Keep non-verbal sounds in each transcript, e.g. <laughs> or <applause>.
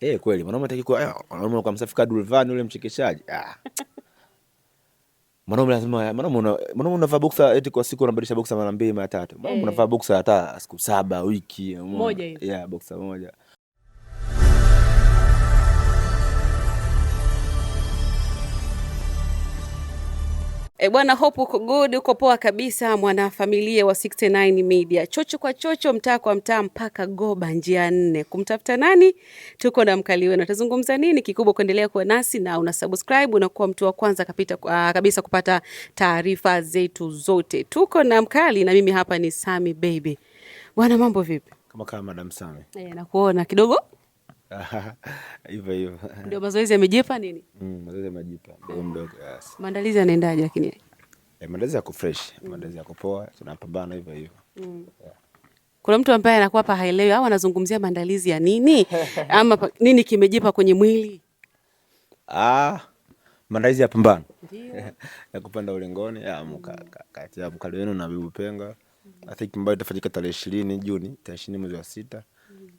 Eh, kweli mwanaume hataki kuwa eh, mwanaume kwa msafi Dulvan yule mchekeshaji. Ah. <laughs> Mwanaume lazima mwanaume mwanaume unavaa boksa eti kwa siku unabadilisha boksa mara mbili mara tatu. Mwanaume eh. unavaa boksa hata siku saba wiki moja Yeah, moja. E bwana Hope, uko good? Uko poa kabisa, mwanafamilia wa 69 Media. Chocho kwa chocho, mtaa kwa mtaa, mpaka Goba njia nne, kumtafuta nani? Tuko na mkali wenu, tazungumza nini kikubwa, kuendelea kuwa nasi na una subscribe, unakuwa mtu wa kwanza kapita, uh, kabisa kupata taarifa zetu zote. Tuko na mkali na mimi hapa ni Sami baby. Bwana, mambo vipi? Kama kama madam Sami. Eh, nakuona kidogo <laughs> hivyo hivyo ndio mazoezi ya mijipa nini? Mm, mazoezi ya yamejipa mdogo mdogo. Yes. Maandalizi yanaendaje lakini? Eh, maandalizi yako fresh, mm. maandalizi yako poa, tunapambana hivyo hivyo. Mm. Yeah. Kuna mtu ambaye anakuwa hapa haelewi au anazungumzia maandalizi ya nini <laughs> ama nini kimejipa kwenye mwili? Ah, maandalizi ya pambano Ndio. <laughs> ya kupanda ulingoni kati ya Mkali wenu na Bibu Penga. Mm. I think ambayo itafanyika tarehe 20 Juni, tarehe 20 mwezi wa sita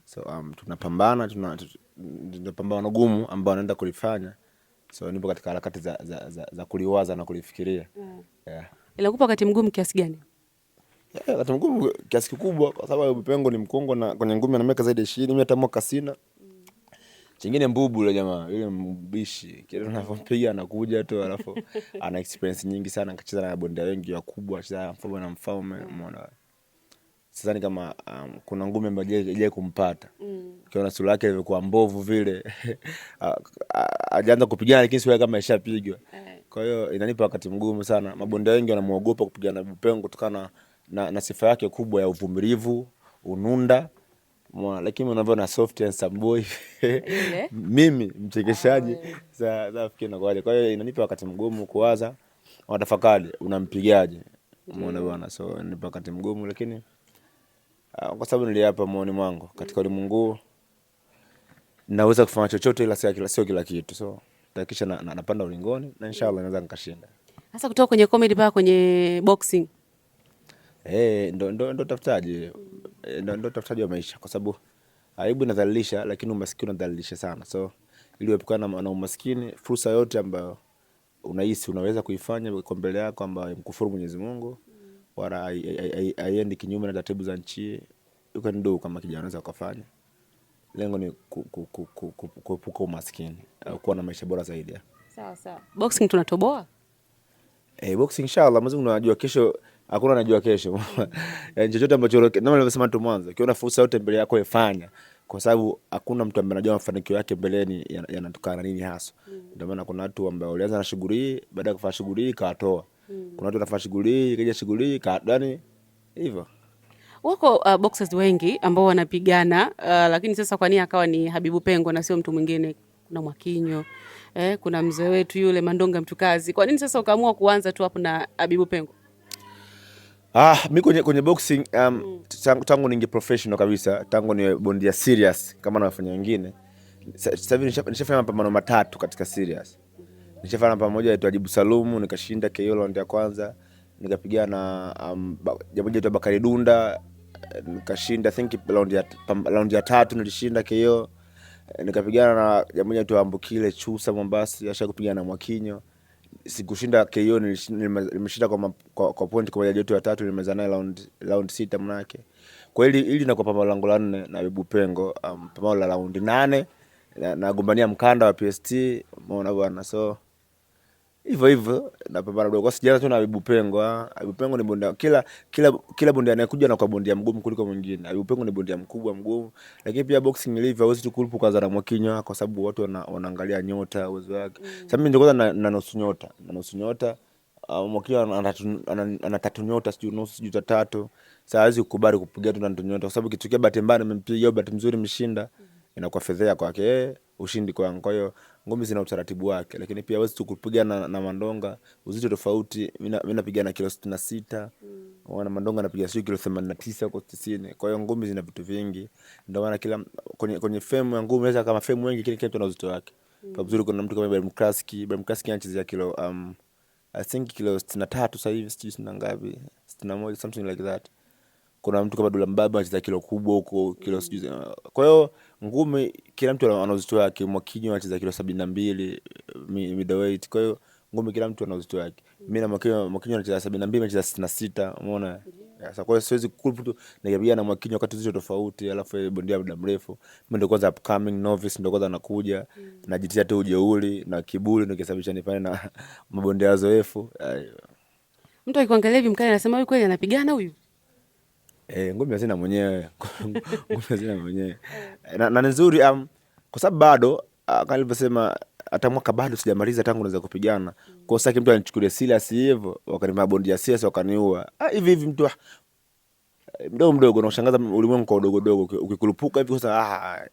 So um, tunapambana tunapambana tuna gumu ambao anaenda kulifanya. So nipo katika harakati za, za, za, za kuliwaza na kulifikiria mm. yeah. Inakupa wakati mgumu kiasi gani? Yeah, wakati mgumu kiasi kikubwa, kwa sababu mpengo ni mkongo na kwenye ngumi ana miaka zaidi ya ishirini mimi hata mwaka sina mm. Chingine mbubu yule jamaa yule mbishi, kile tunavyopiga anakuja tu, alafu ana experience nyingi sana, akacheza na bondia wengi wakubwa, akacheza na mfalme na mfalme, umeona mm sidhani kama um, kuna ngumi ambayo ijai kumpata mm. Kiona sura yake ilivyokuwa mbovu vile <laughs> ajaanza kupigana, lakini sura kama ishapigwa eh. Kwa hiyo inanipa wakati mgumu sana. Mabondia wengi wanamuogopa kupigana na Bupengo kutokana na, na sifa yake kubwa ya uvumilivu, ununda mwa, lakini unavyoona soft and some boy <laughs> mimi mchekeshaji za ah, za fikiri na kwaje. Kwa hiyo inanipa wakati mgumu kuwaza, watafakari unampigaje, umeona mm. bwana, so inanipa wakati mgumu lakini Ah, kwa sababu niliapa moyoni mwangu katika ulimwengu naweza kufanya chochote, ila sio kila kitu, so takisha na, na, napanda ulingoni na inshallah naweza nikashinda. Sasa kutoka kwenye comedy mpaka kwenye boxing eh, ndo ndo ndo tafutaji eh, ndo ndo tafutaji wa maisha, kwa sababu aibu inadhalilisha, lakini umaskini unadhalilisha sana, so ili uepukane na, umaskini, fursa yote ambayo unahisi unaweza kuifanya kwa mbele yako ambayo mkufuru Mwenyezi Mungu wala haiendi kinyume na taratibu za nchi, you can do kama kijana unaweza kufanya. Lengo ni kuepuka umaskini au kuwa na maisha bora zaidi. Sawa sawa. Boxing tunatoboa? Eh, boxing inshallah, mzungu anajua kesho hakuna anajua kesho. <laughs> Yaani chochote ambacho kama nilivyosema tu mwanzo, ukiona fursa yote mbele yako ifanya, kwa sababu hakuna mtu ambaye anajua mafanikio yake mbeleni yanatokana nini hasa. Mm. Ndio maana kuna watu ambao walianza na shughuli hii, baada ya kufanya shughuli hii kawatoa mm. kuna watu wanafanya shughuli hii ikaja shughuli hii yani hivyo wako uh, boxers wengi ambao wanapigana uh, lakini sasa kwa nini akawa ni Habibu Pengo na sio mtu mwingine? Kuna Mwakinyo eh, kuna mzee wetu yule Mandonga Mtukazi. Kwa nini sasa ukaamua kuanza tu hapo na Habibu Pengo? Ah, mi kwenye, kwenye boxing um, mm. tangu, tangu ninge professional kabisa tangu ni bondia serious kama na wafanya wengine. Sasa hivi nishafanya mapambano matatu katika serious nishafana pamoja aitwa Jibu Salumu nikashinda KO round ya kwanza, nikapigana na um, jamaa aitwa Bakari Dunda nikashinda, I think round ya round ya tatu nilishinda KO, nikapigana na jamaa aitwa Ambukile Chusa Mombasa, asha kupigana na Mwakinyo sikushinda KO, nimeshinda kwa, kwa, kwa point kwa jaji ya tatu, nimeza naye round round sita mnake kwa hili hili, na kwa pambano langu la nne na Bibu Pengo, um, pambano la raundi nane nagombania na mkanda wa PST, umeona bwana so hivyo hivyo napambana dogo, sijana tu na Abibu Pengo. Ah. Abibu Pengo ni bondia, kila kila kila bondia anayekuja anakuwa bondia mgumu kuliko mwingine. Abibu Pengo ni bondia mkubwa mgumu, lakini pia boxing ilivyo, hawezi tu kwa Zara Mwakinyo ah, kwa sababu watu wanaangalia nyota, uwezo wake. mm. Sasa mimi ndio kwanza na na nusu nyota na nusu nyota uh, ah, mwakinywa ana tatu nyota, sijui nusu sijui tatu. Sasa hawezi kukubali kupiga tu na tatu nyota, kwa sababu kitokea bahati mbaya nimempiga, bahati nzuri, mshinda, mm. inakuwa fedhea kwake, eh, ushindi kwangu, kwa hiyo ngumi zina utaratibu wake, lakini pia wezi tukupigana na, na Mandonga uzito tofauti. Mimi napigana kilo sitini na sita mm. na Mandonga anapiga sio kilo themanini na tisa huko tisini. Kwa hiyo ngumi zina vitu vingi, ndio maana kila kwenye, kwenye femu ya ngumi unaweza kama femu wengi, kile kitu na uzito wake mm. Kwa mzuri, kuna mtu kama Ibrahim Kraski, Ibrahim Kraski anachezea kilo um, I think kilo sitini na tatu sasa hivi, sijui sitini na ngapi, sitini na moja something like that. Kuna mtu kama Dula Mbaba anacheza kilo kubwa huko kilo mm. sijui. Kwa hiyo ngumi kila mtu ana uzito wake. Mwakinyo anacheza kilo sabini na mbili middleweight, kwa hiyo ngumi kila mtu ana uzito wake. Mimi na Mwakinyo, Mwakinyo anacheza sabini na mbili nacheza sitini na sita umeona. Sasa kwa hiyo siwezi kukuta nikipigana na Mwakinyo wakati uzito tofauti, alafu yeye bondia muda mrefu. Mimi ndio kwanza upcoming novice, ndio kwanza nakuja mm. najitia tu ujeuri na kiburi, ndio kisababisha nifanye na <laughs> mabondia wazoefu. Mtu akikuangalia hivi mkali anasema huyu kweli anapigana huyu. E, ngumi hazina mwenyewe <laughs> ngumi hazina mwenyewe eh, na, na nzuri um, kwa sababu bado uh, kama nilivyosema hata mwaka bado sijamaliza tangu naweza kupigana mm. Kwa sasa mtu anichukulia serious hivyo, wakanima bondia ya serious wakaniua ah, hivi hivi, mtu ah, mdogo mdogo na kushangaza ulimwengu kwa udogo dogo, ukikurupuka hivi sasa ah,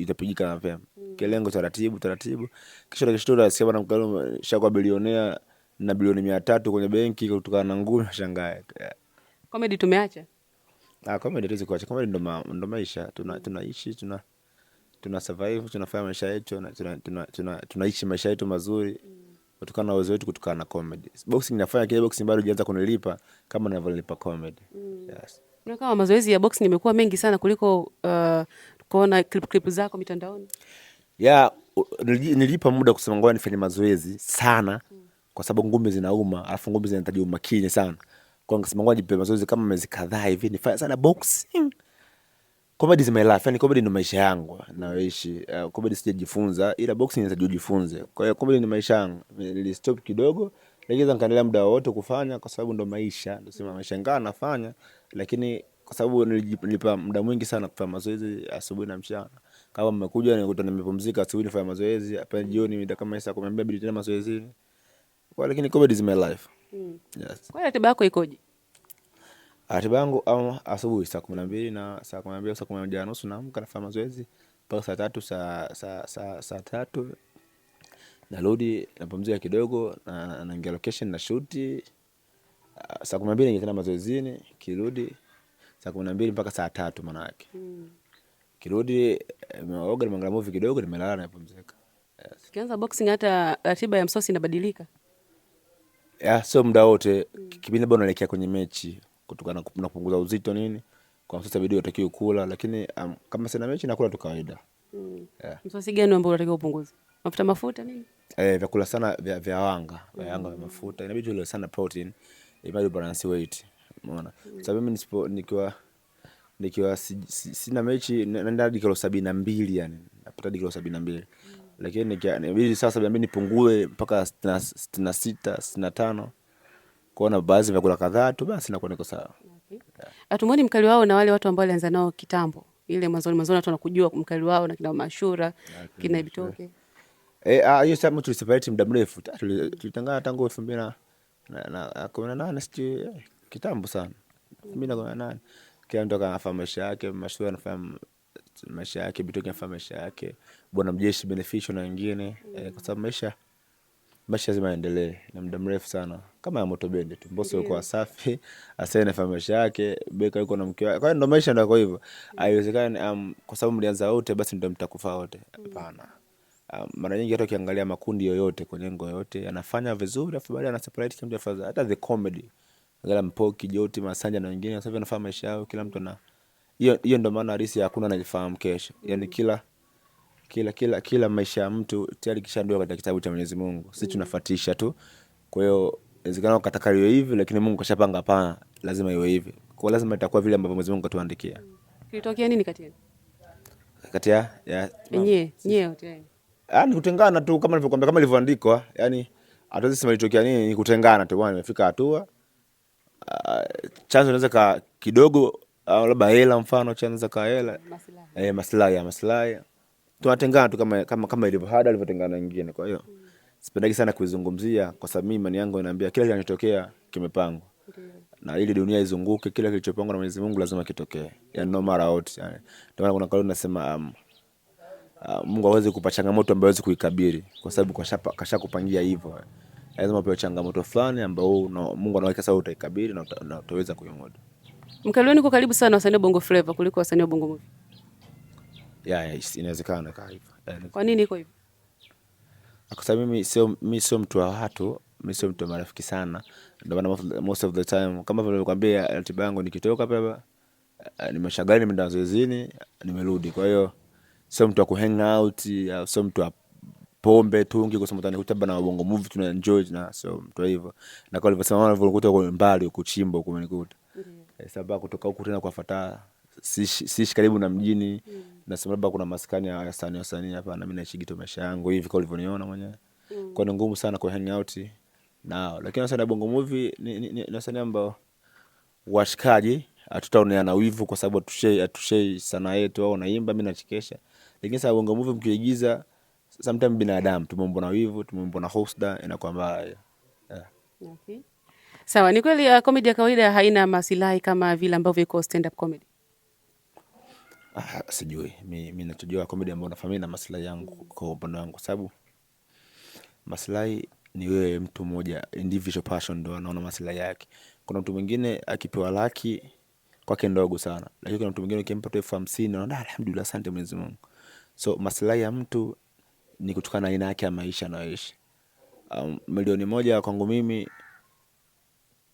utapigika na vema mm. Kilengo taratibu taratibu, kisha nakishtura sema na mkalu shakuwa bilionea na bilioni 300 kwenye benki kutokana na ngumi, nashangaa comedy tumeacha Comedy ah, hatuwezi kuacha, comedy ndo maisha tunaishi, tuna tuna survive, tunafanya maisha yetu, tunaishi maisha yetu mazuri kutokana na uwezo wetu, kutokana na comedy. Boxing nafanya kile boxing bado haijaanza kunilipa kama ninavyolipa comedy. Mm. Yes. Na kama mazoezi ya boxing yamekuwa mengi sana kuliko uh, kuona clip clip zako mitandaoni. Yeah, nilipa muda kusema ngoja nifanye mazoezi sana mm. kwa sababu ngumi zinauma, alafu ngumi zinahitaji umakini sana. Kwa nikasema ngoja mazoezi kama miezi kadhaa hivi nifanye sana boxing. Comedy is my life, yani comedy ni maisha yangu Uh, comedy sijajifunza ila boxing Kwa hiyo comedy ni maisha yangu. kidogo lakini nikaendelea muda wote kufanya kwa sababu ndo maisha. Ndo sema maisha nafanya lakini kwa sababu nilipa muda mwingi sana kufanya mazoezi asubuhi na mchana. Kama mmekuja nikuta nimepumzika asubuhi mazoezi hapa jioni mida kama saa kumi na mbili tena Kwa lakini comedy is my life mm. Yes. Kwa ratiba yako ikoje? Ratiba yangu um, asubuhi saa kumi na mbili na saa kumi na mbili saa kumi na moja na nusu naamka nafanya mazoezi mpaka saa tatu saa, saa, saa, saa tatu narudi napumzika kidogo na naingia location na shuti saa kumi na mbili naingia tena mazoezini kirudi saa kumi na mbili mpaka saa tatu manake mm. kirudi nimeoga nimeangalia movie kidogo nimelala napumzika. Yes. Ukianza boxing hata ratiba ya msosi inabadilika? sio muda wote mm. Kipindi labda unaelekea kwenye mechi kutokana na kupunguza uzito nini, kwa sasa bidii unatakiwa kula, lakini um, kama sina mechi nakula tu kawaida mm. yeah. gani ambao unatakiwa upunguze? Mafuta mafuta nini? Eh, vyakula sana vya, vya wanga mm. vya wanga vya mafuta inabidi ule sana protein ili balance weight, umeona? mm. Sababu mimi nisipo nikiwa nikiwa si, si, sina mechi naenda hadi kilo sabini na mbili yani napata hadi kilo sabini na mbili lakini nikabidi sasa inabidi nipungue mpaka sitini na sita sitini na tano kuona baadhi ya vyakula kadhaa tu, basi nakuwa niko sawa. Hatumwoni mkali wao na wale watu ambao walianza nao kitambo ile mwanzoni mwanzoni, watu wanakujua mkali wao na kina Mashura yeah, kina Ibitoke eh, ah, hiyo sasa tulisepareti muda mrefu, tulitangana tangu elfu mbili na kumi na nane sijui eh, kitambo sana, elfu mbili na kumi na nane Kila mtu anafahamu maisha yake, Mashura anafahamu maisha yake, Bitoke anafahamu maisha yake bwana mjeshi Beneficial na wengine mm. eh, kwa mm. sababu maisha maisha lazima yaendelee na muda mrefu sana, kama ya moto bende tu. Mbosso yuko Wasafi, Asai na maisha yake, Beka yuko na mke wake, kwa hiyo ndo maisha ndio kwa hivyo. Mm. Haiwezekani um, kwa sababu mlianza wote basi ndio mtakufa wote, mm. hapana. mm. Um, mara nyingi hata ukiangalia makundi yoyote kwenye ngo yoyote anafanya vizuri, afu baadaye ana separate kama jafaza. Hata the comedy angalia Mpoki, Joti, Masanja na wengine, sasa hivi anafanya maisha yao, kila mtu na hiyo. Hiyo ndio maana halisi, hakuna anajifahamu kesho, yani kila kila, kila, kila maisha ya mtu tayari kishaandikwa katika kitabu cha Mwenyezi Mungu, sisi mm. tunafuatisha tu. Kwa hiyo inawezekana ukataka hiyo hivi, lakini Mungu kashapanga, hapana, lazima iwe hivi, kwa lazima itakuwa vile ambavyo Mwenyezi Mungu katuandikia. Mm. Kilitokea nini kati yenu? kati ya ya nyie nyie ah, ni yaani, kutengana tu, kama nilivyokuambia, kama ilivyoandikwa, yani hatuwezi sema ilitokea nini, ni kutengana tu bwana. Imefika hatua uh, chanzo inaweza ka kidogo, uh, labda hela, mfano chanzo ka hela, maslahi eh, maslahi maslahi tunatengana tu kama, kama, kama ilivyo hada alivyotengana nyingine. Kwa hiyo sipendagi sana kuizungumzia kwa sababu mimi imani yangu inaambia kila kinachotokea kimepangwa na ili dunia izunguke, kila kilichopangwa na Mwenyezi Mungu lazima kitokee, yani no matter what. Yani ndio maana kuna kauli nasema um, uh, Mungu hawezi kupa changamoto ambayo hawezi kuikabili, kwa sababu kashakupangia hivyo. Lazima upewe changamoto fulani ambayo no, Mungu anaweka sawa, utaikabili na, utaweza kuimudu. Mkaliweni uko karibu sana wasanii wa Bongo Flava kuliko wasanii wa Bongo Movie yeah, yeah, inawezekana kaa hivyo. Eh, kwa nini iko hivyo? Ah, kwa sababu mimi sio mimi sio mtu wa watu, mimi sio mtu wa marafiki sana, ndio maana most of the time kama vile nilikwambia, eh, ratiba yangu nikitoka hapa nimeshagali nimeenda zoezini nimerudi. Kwa hiyo sio mtu wa kuhang out, sio mtu wa pombe tungi, kwa sababu utanikuta bana wabongo movie tuna enjoy na sio mtu hivyo, na kwa hivyo alivyosema wanavukuta kwa mbali kuchimba huko umenikuta eh, sababu kutoka huko tena kwa fataa siishi karibu na mjini mm. Nasema labda kuna maskani ya wasanii wasanii hapa, na mimi naishi Geita maisha yangu hivi kwa ulivyoniona mwenyewe mm. Kwa ni ngumu sana ku hang out nao, lakini wasanii wa Bongo Movie ni, ni, ni wasanii ambao washikaji hatutaoneana wivu kwa sababu hatushei sana yetu, au naimba mimi nachekesha, lakini sasa Bongo Movie mkiigiza sometimes binadamu tumeumbwa na wivu, tumeumbwa na husda, inakuwa mbaya yeah. Okay. Sawa, ni kweli uh, comedy ya kawaida haina masilahi kama vile ambavyo iko stand up comedy. Ah, sijui, mi mi nachojua komedi ambao nafamili na maslahi yangu kwa upande wangu, sababu maslahi ni wewe mtu mmoja, individual person ndo anaona maslahi yake. Kuna mtu mwingine akipewa laki kwake ndogo sana, lakini kuna mtu mwingine ukimpa tu elfu hamsini anaona alhamdulillah, asante Mwenyezi Mungu. So maslahi ya mtu ni kutokana na aina yake ya maisha anayoishi. Um, Milioni moja kwangu mimi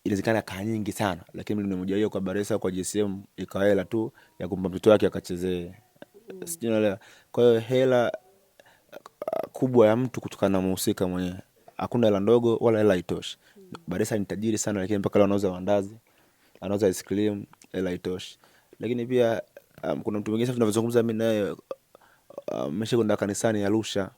inawezekana kaa nyingi sana, lakini mmoja hiyo kwa Baresa kwa JSM ikawa hela tu ya kumpa mtoto wake akachezee, sijui naelewa. Kwa hiyo hela ah, kubwa ya mtu kutokana na mhusika mwenyewe, hakuna hela ndogo wala hela haitoshi. Baresa ni tajiri sana, lakini mpaka leo anauza mandazi, anauza ice cream, hela itoshi. Lakini pia um, kuna mtu mwingine sasa tunavyozungumza mimi naye ameshakwenda ah, kanisani Arusha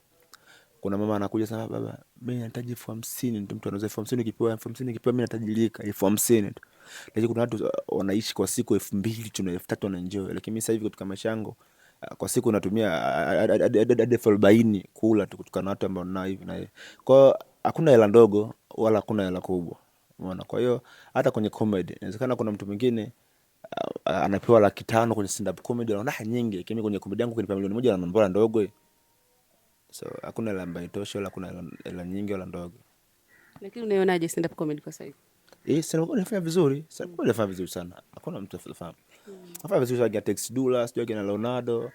kuna mama anakuja sana, baba, mimi nahitaji elfu hamsini tu. Mtu anauza elfu hamsini ukipewa elfu hamsini ukipewa, mimi natajirika elfu hamsini tu. Lakini kuna watu uh, wanaishi kwa siku elfu mbili tu na elfu tatu wanaenjoy, lakini mimi sasa hivi katika maisha yangu uh, kwa siku natumia uh, hadi elfu arobaini kula tu, kutokana na watu ambao nao hivi na hivi. Kwa hiyo hakuna hela ndogo wala hakuna hela kubwa, umeona. Kwa hiyo hata kwenye comedy inawezekana kuna mtu mwingine anapewa laki tano kwenye stand up comedy anaona nyingi, lakini kwenye comedy yangu kinipa milioni moja na mbona ndogo so hakuna hela ambayo itoshe, wala kuna hela nyingi wala ndogo. Lakini unaonaje stand up comedy kwa sasa hivi? Eh, stand up inafanya vizuri, stand kwa inafanya vizuri sana, hakuna mtu afahamu hmm. Afanya vizuri sana. Tex Dula sio kina Leonardo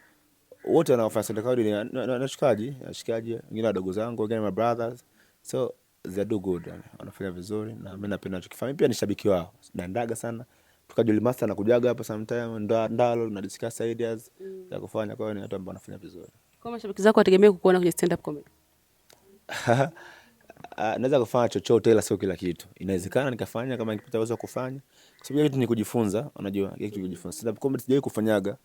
wote wanaofanya stand up comedy ni nashikaji, nashikaji, wengine wadogo zangu, wengine my brothers, so they do good, wanafanya vizuri na mimi napenda nachokifanya. Pia ni shabiki wao, dandaga sana master na kujaga hapa sometime ndalo na discuss ideas hmm. za kufanya. Kwa hiyo ni watu ambao wanafanya vizuri. Kwa mashabiki zako wategemee kukuona kwenye stand up comedy? <laughs> Ah, naweza kufanya chochote ila sio kila kitu. Inawezekana nikafanya kama nikipata uwezo wa kufanya. Kwa sababu kitu ni kujifunza, unajua, kitu kujifunza. Stand up comedy sijawahi kufanyaga.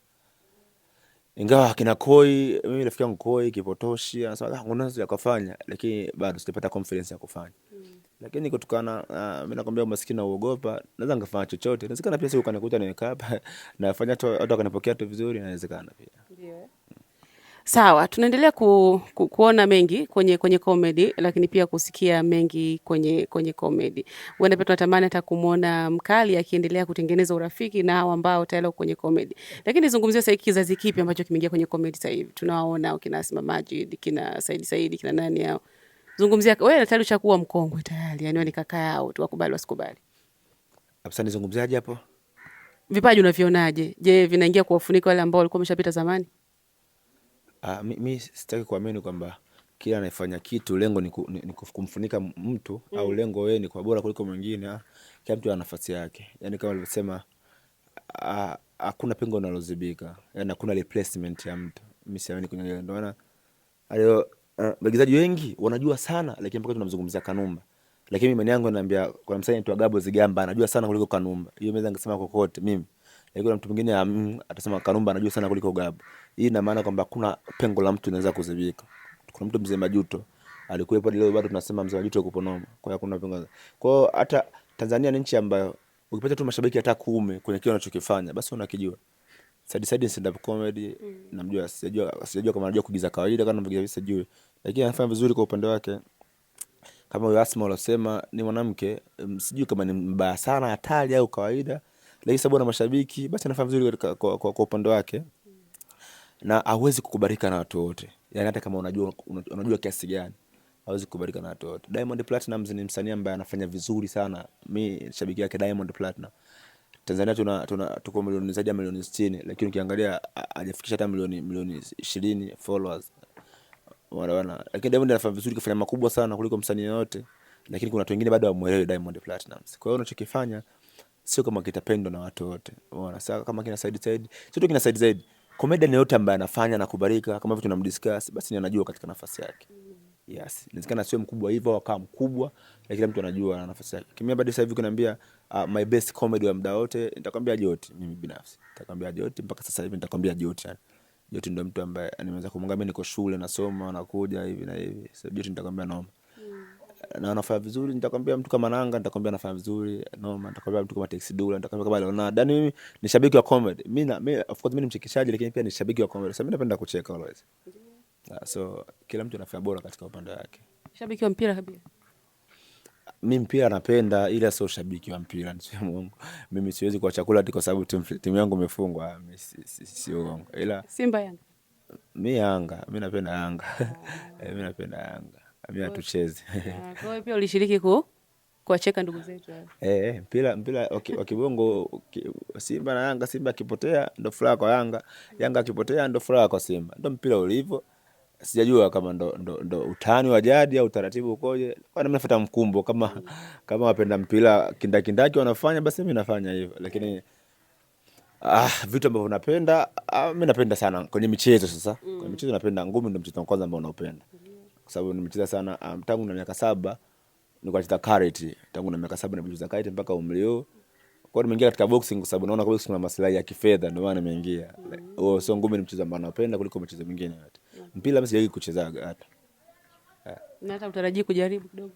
Ingawa kina Koi, mimi rafiki yangu Koi Kipotoshi anasema ah, unaweza kufanya, lakini bado sijapata confidence ya kufanya. Hmm. Lakini kutokana ah, mimi nakwambia umaskini na uogopa, naweza nikafanya chochote. Inawezekana pia siku kanikuta nimekaa hapa <laughs> nafanya hata wakanipokea tu vizuri, inawezekana pia. Ndio. Sawa, tunaendelea ku, ku, kuona mengi kwenye kwenye comedy lakini pia kusikia mengi kwenye kwenye comedy. Huenda pia tunatamani hata kumwona mkali akiendelea kutengeneza urafiki na hao ambao tayari kwenye comedy. Lakini zungumzia sasa kizazi kipi ambacho kimeingia kwenye comedy sasa hivi? Tunawaona kina Asma Majid, kina Said Said, kina nani hao? Zungumzia wewe tayari ushakuwa mkongwe tayari. yani wewe ni kaka yao tu wakubali wasikubali. Hapsa nizungumziaje hapo? Vipaji unavionaje? Je, vinaingia kuwafunika wale ambao walikuwa wameshapita zamani? Uh, Mi mi sitaki kuamini kwamba kila anayefanya kitu lengo ni ku, ni, ni kumfunika mtu mm. au lengo wewe ni kwa bora kuliko mwingine. Ah, kila mtu ana nafasi yake. yani kama nilivyosema ah, hakuna pengo linalozibika. yani hakuna replacement ya mtu. Mi siamini kwenye hilo ndio maana alio waigizaji wengi wanajua sana lakini mpaka tunamzungumzia Kanumba. Lakini imani yangu inaniambia kuna msanii anaitwa Gabo Zigamba anajua sana kuliko Kanumba. Hiyo mimi naweza nikasema kokote mimi. Lakini kuna mtu mwingine mm, atasema Kanumba anajua sana kuliko Gabo. Hii ina maana kwamba kuna pengo la mtu linaweza kuziwika. Kuna mtu Mzee Majuto alikuwepo leo bado tunasema Mzee Majuto yuko noma. Kwa hiyo kuna pengo. Kwa hiyo hata Tanzania ni nchi ambayo ukipata tu mashabiki hata kumi kwenye kile unachokifanya basi unakijua. Sadi Sadi stand up comedy mm. namjua, sijajua sijajua kama anajua kuigiza kawaida kama anavyoigiza sijui. Lakini anafanya vizuri kwa upande wake. Kama huyo Asma alosema ni mwanamke, mm, sijui kama ni mbaya sana hatari au kawaida. Lakini sababu ana mashabiki basi anafanya vizuri kwa, kwa, kwa, kwa upande wake na hawezi kukubalika na watu wote, yani hata kama unajua, unajua kiasi gani hawezi kukubalika na watu wote. Diamond Platnumz ni msanii ambaye anafanya vizuri sana, mi shabiki yake Diamond Platnumz. Tanzania tuna, tuna tuko milioni zaidi ya milioni 60 lakini ukiangalia hajafikisha hata milioni milioni 20 followers wanaona, lakini Diamond anafanya vizuri, kafanya makubwa sana kuliko msanii yote, lakini kuna watu wengine bado hawamuelewi Diamond Platnumz. Kwa hiyo unachokifanya sio kama kitapendwa na watu wote, unaona. Sasa kama kina Said Said, sio tu kina Said Said comedian yote ambaye anafanya na kubarika kama vitu namdiscuss, basi ni anajua katika nafasi yake. Yes, inawezekana sio mkubwa hivyo au kama mkubwa, lakini kila mtu anajua nafasi yake. Kimia bado sasa hivi kuniambia uh, my best comedy wa muda wote, nitakwambia Joti. Mimi binafsi nitakwambia Joti mpaka sasa hivi nitakwambia Joti. Yani Joti ndio mtu ambaye nimeweza kumwambia, niko shule nasoma, nakuja hivi na hivi. Sasa Joti nitakwambia noma na anafanya vizuri, nitakwambia mtu kama Nanga, nitakwambia anafanya vizuri noma, nitakwambia mtu kama Taxi Dula, nitakwambia kama Leonardo. Yani mimi ni shabiki wa comedy, mimi na mimi of course mimi ni mchekeshaji, lakini pia ni shabiki wa comedy. Sasa mimi napenda kucheka always, ah, so kila mtu anafanya bora katika upande wake. Shabiki wa mpira kabisa mi mpira napenda, ila sio shabiki wa mpira. Nisema Mungu, mimi siwezi kwa chakula kwa sababu timu yangu imefungwa, sio uongo. Ila Simba Yanga, mi Yanga, mi napenda Yanga, ah. <laughs> eh, mi napenda Yanga. Amina tucheze. Ah, kwa <laughs> hiyo pia ulishiriki ku kuwacheka ndugu zetu hao. Eh. eh, mpira mpira wa kibongo Simba na Yanga, Simba akipotea ndo furaha kwa Yanga, Yanga akipotea ndo furaha kwa Simba. Ndo mpira ulivyo. Sijajua kama ndo, ndo, ndo utani wa jadi au utaratibu ukoje. Kwa nini nafuata mkumbo kama mm. kama wapenda mpira kindakindaki wanafanya basi mimi nafanya hivyo. Lakini ah, vitu ambavyo napenda ah, mimi napenda sana kwenye michezo sasa. Mm. Kwenye michezo napenda ngumi, ndo mchezo wa kwanza ambao naupenda. Mm kwa sababu nimecheza sana um, tangu na miaka saba nilikuwa nacheza karate, tangu na miaka saba nimecheza karate mpaka umri huu. Kwa hiyo nimeingia katika boxing kwa sababu naona kwa boxing kuna maslahi ya kifedha, ndio maana nimeingia. Oh, sio ngumi ni mchezo ambao napenda kuliko michezo mingine yote. Mpira mimi sijawahi kucheza hata. Na hata utarajii kujaribu kidogo.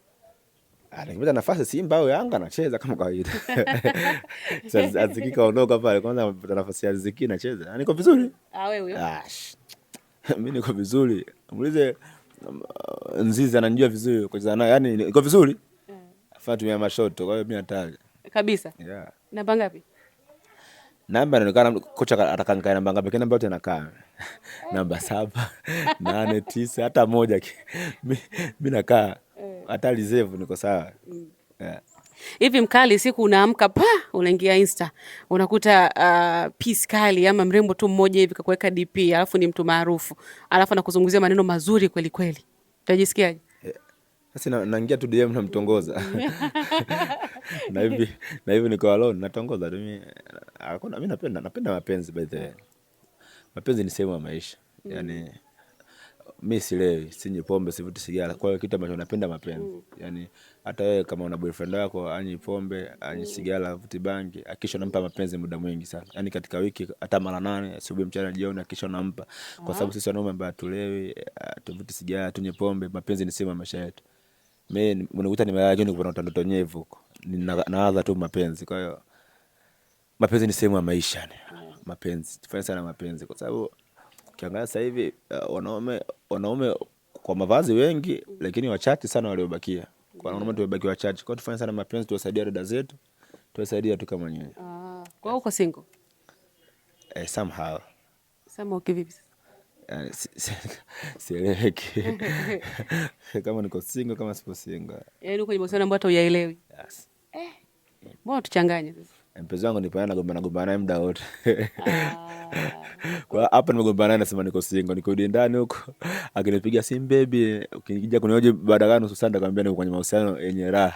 Ah, nikipata nafasi Simba au Yanga nacheza kama kawaida. <laughs> Sasa Aziki kaondoka pale kwanza, napata nafasi ya Aziki nacheza. Ah, niko vizuri. Ah, wewe huyo. Ah, <laughs> mimi niko vizuri. Muulize Um, Nzizi ananijua vizuri kucheza naye, yani iko vizuri eh. afa tumia mashoto, kwa hiyo mimi hatari kabisa yeah. Namba ngapi? Namba inaonekana kocha atakankaa namba ngapi? Kile namba yote anakaa eh. namba saba <laughs> nane tisa hata moja <laughs> mi nakaa eh. hata reserve niko sawa mm. yeah hivi mkali, siku unaamka pa unaingia Insta unakuta uh, piece kali ama mrembo tu mmoja hivi kakuweka DP, alafu ni mtu maarufu, alafu anakuzungumzia maneno mazuri kweli kweli, utajisikiaje? Eh, sasa naingia tu DM namtongoza <laughs> na hivi na hivi, niko alone natongoza tu mimi. Hakuna, mimi napenda napenda mapenzi by the way, mapenzi ni sehemu ya maisha yani mm mi silewi, sinywi pombe, sivuti sigara, kwa hiyo kitu ambacho napenda mapenzi mm. Yani hata wewe kama una boyfriend wako anywi pombe, anywi mm. sigara, vuti bangi, akisha nampa mapenzi muda mwingi sana, yani katika wiki hata mara nane, asubuhi, mchana, jioni, akisha nampa, kwa sababu sisi wanaume ambao hatulewi, eh, tuvuti sigara, tunywe pombe, mapenzi ni sehemu ya maisha yetu. Mi unikuta nimelala jioni kuna utandoto nyevu huko, nawaza tu mapenzi. Kwa hiyo mapenzi ni sehemu ya maisha, mm. mapenzi tufanye sana mapenzi kwa sababu ukiangalia sasa hivi uh, wanaume wanaume kwa mavazi wengi, mm. lakini wachache sana waliobakia. Kwa wanaume tumebaki wachache, kwa tufanye sana mapenzi, tuwasaidia dada zetu, tuwasaidia tu kama nyinyi. Ah, kwa uko single eh? Somehow somehow kivipi sasa? Sieleweki <laughs> kama niko single, kama sipo single, yaani uko kwenye mahusiano ambayo hata huyaelewi. Yes, eh, mbona tuchanganye sasa mpenzi wangu nipo naye nagombana gombana naye muda wote. Ah. Kwa hapa nimegombana naye nasema niko single, niko ndani huko. Akinipiga simu baby, ukija kunioje baada ya nusu saa nakwambia niko kwenye mahusiano yenye raha.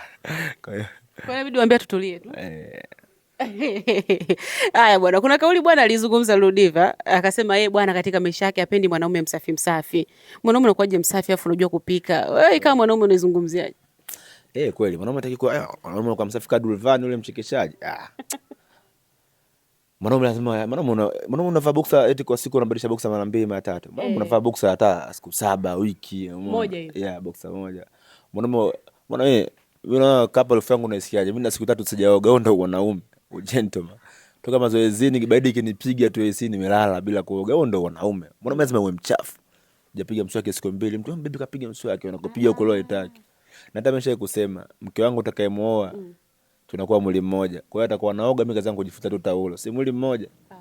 Kwa hiyo kwa inabidi waambie tutulie tu. Eh. <laughs> Haya bwana, kuna kauli bwana alizungumza Ludiva akasema yeye bwana katika maisha yake apendi mwanaume msafi msafi. Mwanaume unakuwaje msafi afu unajua kupika? Wewe kama mwanaume unaizungumziaje? Eh, kweli mwanaume hataki kuwa eh, mwanaume kwa msafi kadri ulivani ule mchekeshaji. Ah. Mwanaume lazima mwanaume mwanaume unavaa boxer eti kwa siku unabadilisha boxer mara mbili mara tatu. Mwanaume eh. unavaa boxer hata siku saba wiki moja hivi. Yeah, boxer moja. Mwanaume mwana wewe eh, wewe couple yangu unaisikiaje? Mimi na siku tatu sijaoga, wewe ndio wanaume. Gentleman. Toka mazoezini baridi kinipiga tu AC nimelala bila kuoga. Wewe ndio wanaume. Mwanaume lazima uwe mchafu. Japiga mswaki siku mbili, mtu mbibi kapiga mswaki, anakupiga huko leo haitaki. Na hata ameshawahi kusema mke wangu utakayemuoa mm. tunakuwa mwili mmoja. Kwa hiyo atakuwa naoga mimi kazi yangu kujifuta tu taulo. Si mwili mmoja. Ah.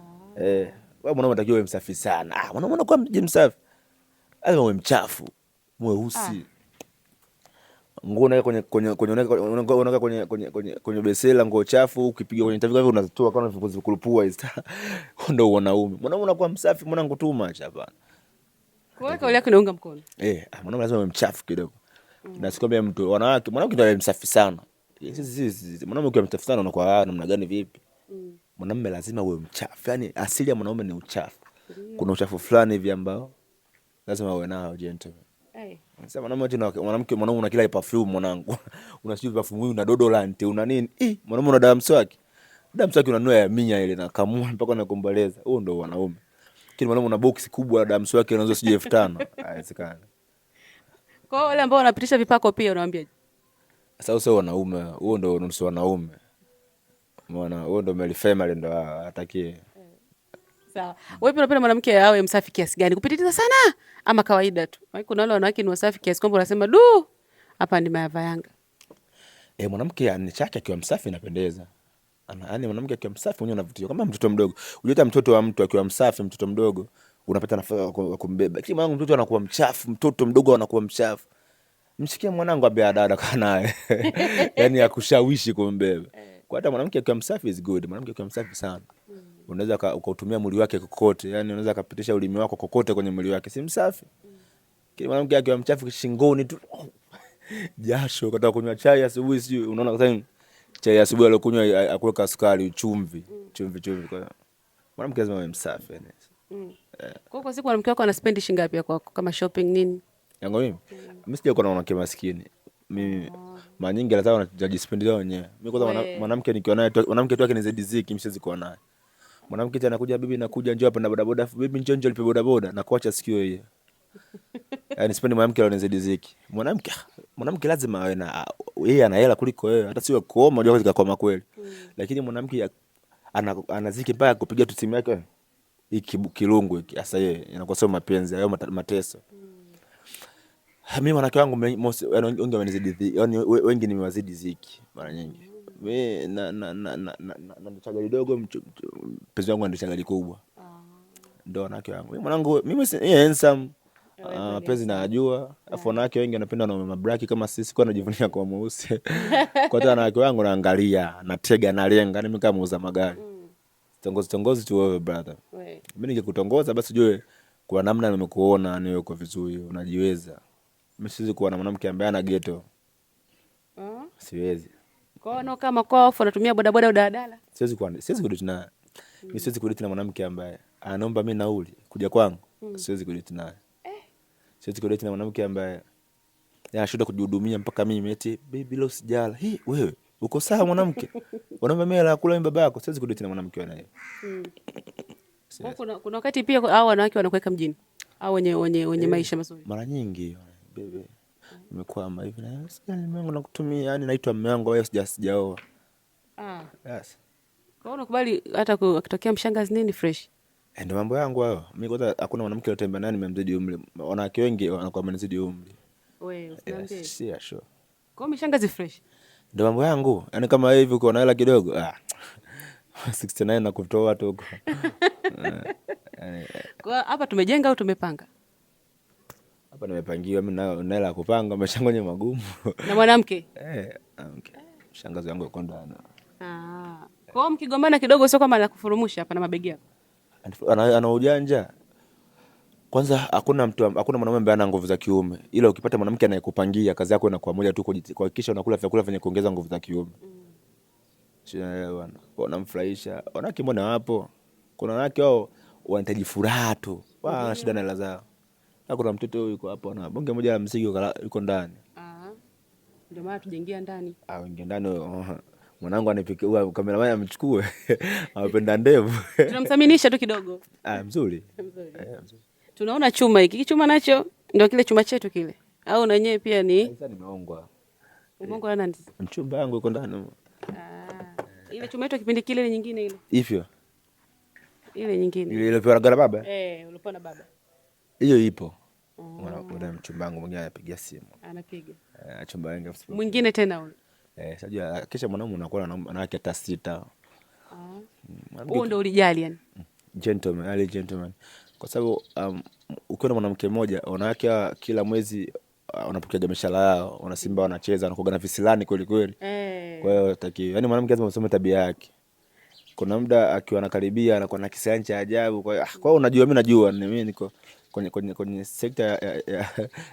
Eh, wewe mwanaume unatakiwa uwe msafi sana. Ah, mwanaume unakuwa msafi. Lazima uwe mchafu, mweusi. Ah. Nguo unaweka kwenye kwenye kwenye unaweka kwenye kwenye kwenye kwenye besela nguo chafu ukipiga kwenye tavika hivi unazitoa kama hizo <laughs> huo Ndio wanaume. Mwanaume unakuwa msafi, mwanangu tu macha hapana. Kwa hiyo kauli yako inaunga mkono. Eh, ah, mwanaume lazima uwe mchafu kidogo na sikwambia mtu wanawake, mwanamke ndio msafi sana. Sisi mwanaume ukiwa msafi sana unakuwa ah, namna gani? Vipi? Mm. Mwanamume lazima uwe mchafu, yaani asili ya mwanaume ni uchafu. Kuna uchafu fulani hivi ambao lazima uwe nao gentleman. Eh. Sasa Mwanamke, mwanaume una kila perfume, mwanangu, <laughs> una sio perfume huyu, una deodorant, una nini? Eh, mwanaume una damu swaki, damu swaki unanua ya minya ile na kamua mpaka nakumbaleza. Huo ndio wanaume. Lakini mwanaume una box kubwa damu swaki unaanza sijui elfu tano <laughs> haiwezekani. Kwa wale ambao wanapitisha vipako pia unawaambia sasa, usio wanaume, huo ndo nusu wanaume, umeona? Huo ndo male family ndo atakie. Sawa, wewe unapenda mwanamke awe msafi kiasi gani, kupitiliza sana ama kawaida tu? Kuna wale wanawake ni wasafi kiasi kwamba unasema du, hapa ni mayava yanga. E, mwanamke ni chake akiwa msafi inapendeza. Yaani mwanamke akiwa msafi mwenyewe unavutia kama mtoto mdogo. Unajua mtoto wa mtu akiwa msafi, mtoto mdogo unapata nafasi ya kumbeba. Lakini mwanangu mtoto anakuwa mchafu, mtoto mdogo anakuwa mchafu. Msikie mwanangu ambaye dada kanaye <laughs> yani akushawishi kumbeba. Eh. Kwa hata mwanamke akiwa msafi is good, mwanamke akiwa msafi sana mm. unaweza ukautumia mwili wake kokote, yani unaweza kapitisha ulimi wako kokote kwenye mwili wake, si msafi? Mm. Kile mwanamke akiwa mchafu shingoni tu <laughs> jasho, kataka kunywa chai asubuhi, sio unaona sasa chai asubuhi aliokunywa akuweka sukari, chumvi, mm. chumvi, chumvi. Kwa mwanamke lazima awe msafi yani. Kwa kwa siku mwanamke wako anaspendi shilingi ngapi kwako kama shopping nini? Yangu mimi. Mimi sijakuwa na mwanamke maskini. Mimi mara nyingi lazima najispendia wenyewe. Mimi kwanza mwanamke nikiwa naye mwanamke tu yake ni zaidi ziki kuwa naye. Mwanamke tena anakuja bibi nakuja njoo hapa na bodaboda. Bibi njoo njoo lipe bodaboda na kuacha sikio <laughs> yaani sipendi mwanamke zaidi ziki. Mwanamke mwanamke lazima awe na yeye ana hela kuliko wewe. Hata siwe kuoma unajua kweli. Mm. Lakini mwanamke anaziki mpaka kupiga tu simu yake hii kilungu hasa yeye inakuwa sio mapenzi hayo mateso. Mimi hmm. wanawake wangu yaani wengi wamenizidi, yani wengi nimewazidi ziki mara nyingi. Mimi hmm. na na na na na chagali dogo, mpenzi wangu ana kubwa, ah. ndo wanawake wangu. Mimi mwanangu, mimi ni ah, handsome mapenzi najua, afu eh. wanawake wengi wanapenda wanaume mabraki kama sisi, kwa najivunia kwa mweusi <laughs> kwa hata wanawake wangu naangalia, natega, nalenga, yani kama muuza magari hmm tongozi tongozi tu wewe brother. Wewe. Mimi nikikutongoza basi jue kwa namna nimekuona ni yaani wewe uko vizuri, unajiweza. Mimi siwezi kuwa na mwanamke ambaye ana ghetto. Mm. Siwezi. Kwa hiyo kama kwa ofa unatumia bodaboda au daladala? Siwezi kuwa siwezi hmm. kudate naye. Mimi siwezi hmm. kudate na mwanamke ambaye anaomba mimi nauli kuja kwangu. Mm. Siwezi kudate naye. Eh. Siwezi kudate na mwanamke ambaye anashindwa kujihudumia mpaka mimi eti baby leo sijala. Hii wewe uko sawa mwanamke? <laughs> Unaambia mimi la kula mimi baba yako siwezi kudate na mwanamke wa naye. Mm. Kuna, kuna wakati pia au wanawake wanakuweka mjini au wenye wenye wenye eh, maisha mazuri. Mara nyingi bebe nimekwama hivi na sasa mimi wangu nakutumia, yani naitwa mume wangu wewe sija sijaoa. Ah. Yes. Kwa hiyo unakubali hata akitokea mshangazi nini fresh. Eh, ndio mambo yangu hayo. Mimi kwanza hakuna mwanamke yote aliyotembea nani nimemzidi umri. Wanawake wengi wanakuwa wamenizidi umri. Wewe usiniambie. Yes, sure. Kwa hiyo mshangazi fresh ndo mambo yangu, yaani kama hivi uko na hela kidogo, ah, 69 <laughs> na kutoa tu huko. <laughs> Kwa hapa tumejenga au tumepanga? Hapa nimepangiwa mimi na hela ya kupanga, maisha yangu magumu. <laughs> Na mwanamke? Eh, mwanamke. Shangazi yangu yuko ndani. Ah. Kwa mkigombana kidogo sio kama anakufurumusha hapa na mabegi yako. Ana ujanja. Kwanza hakuna mtu hakuna mwanaume ambaye ana nguvu za kiume. Ila ukipata mwanamke anayekupangia kazi yako inakuwa moja tu kuhakikisha unakula vyakula vyenye kuongeza nguvu za kiume. Mm. Sio wanamfurahisha. Wanawake mbona wapo? Kuna wanawake wao wanahitaji furaha tu. Wana mm-hmm. shida na hela zao. kuna mtoto huyu yuko hapo na bonge moja la msingi yuko ndani. Ah. Ndio maana tujaingia ndani. Ah, ndani. Oh, oh. Mwanangu anipikia kameraman amchukue. Anapenda <laughs> ndevu. Tunamthaminisha tu kidogo. Ah, mzuri. Mzuri. Eh, Tunaona chuma hiki chuma nacho ndio kile chuma chetu kile, au na wenyewe pia ni nimeongwa. Umeongwa na nani? Mchumba wangu yuko ndani. Ah, ile chuma yetu kipindi kile ile nyingine ile. Hivyo. Ile nyingine. Ile ile pia na baba? Eh, ulipo na baba. Hiyo ipo. mwana oh. Una mchumba wangu mwingine anapiga simu. Anapiga. Eh, chumba wangu afusipo. Mwingine tena huyo. Eh, sajua kisha mwanamume anakuwa na wanawake hata sita. Ah. Mm, Huo ndio ulijali yani. Mm. Gentleman, ali gentleman kwa sababu um, ukiwa na mwanamke mmoja, wanawake wa kila mwezi uh, wanapokeaga mishahara yao, wanasimba wanacheza, wanakuaga na visilani kweli kweli. Eh. Kwa hiyo hataki, yani mwanamke lazima usome tabia yake. Kuna muda akiwa anakaribia anakuwa na kisani cha ajabu. Kwa hiyo ah, kwa unajua, mimi najua mimi niko kwenye kwenye kwenye sekta ya, ya,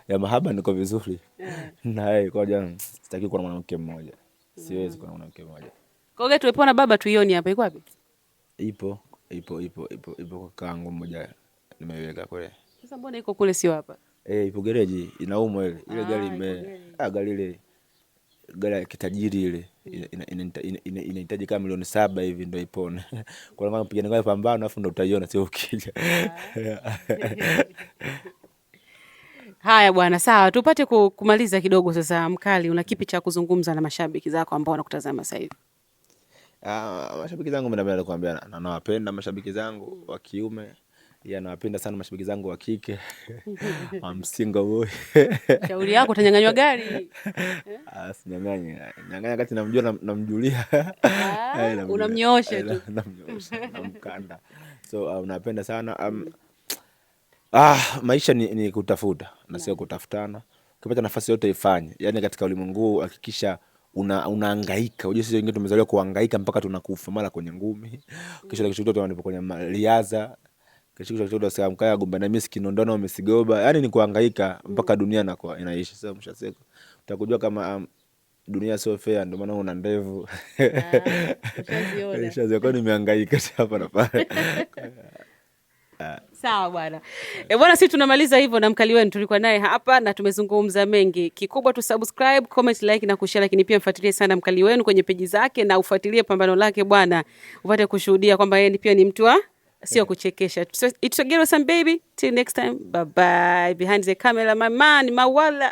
ya, mahaba niko vizuri eh. na naye, kwa jana sitaki kuwa na mwanamke mmoja, siwezi mm. kuwa na mwanamke mmoja. Kwa hiyo tulipo na baba tuioni hapa, iko wapi? Ipo, ipo, ipo, ipo, ipo kwa kangu mmoja nimeiweka kule. Sasa mbona iko kule sio hapa? Eh, ipo gereji inaumwa ile. Ile ah, gari ime ah gari ile gari ya kitajiri ile inahitaji kama milioni saba hivi ndio ipone. <laughs> Kwa maana mpigana kwa pambano afu ndio utaiona sio ukija. <laughs> Haya bwana, sawa, tupate kumaliza kidogo sasa. Mkali, una kipi cha kuzungumza na mashabiki zako ambao wanakutazama sasa hivi? Ah, mashabiki zangu mimi napenda kuambia na nawapenda mashabiki zangu wa kiume Yeah, nawapenda sana mashabiki zangu wa kike. I'm single boy. Shauri yako utanyang'anywa gari. <laughs> Ah, sinyang'anya. Nyang'anya kati namjua namjulia. Ah, unamnyoosha tu. <laughs> Namnyoosha, <laughs> namkanda. So, uh, unapenda sana. Um, ah, maisha ni, ni kutafuta na sio kutafutana. Ukipata nafasi yote ifanye. Yaani katika ulimwengu hakikisha una unahangaika. Unajua sisi wengine tumezaliwa kuhangaika mpaka tunakufa mara kwenye ngumi. Kesho mm. kesho tunanipo kwenye riadha keshokushakudaskamkayagumba yani ni mpaka mm. dunia nakuwa inaisha sasa mwisho siku utakujua kama um, dunia sio ndio maana una ndevu hapa na pale <laughs> Sawa bwana e, bwana sisi tunamaliza hivyo na mkali wenu tulikuwa naye hapa na tumezungumza mengi. Kikubwa tu comment, like na kushare, lakini pia mfuatilie sana mkali wenu kwenye peji zake na ufuatilie pambano lake bwana, upate kushuhudia kwamba yeye pia ni mtu wa sio kuchekesha. It's a girl baby. Till next time. Bye bye. Behind the camera my man Mawala.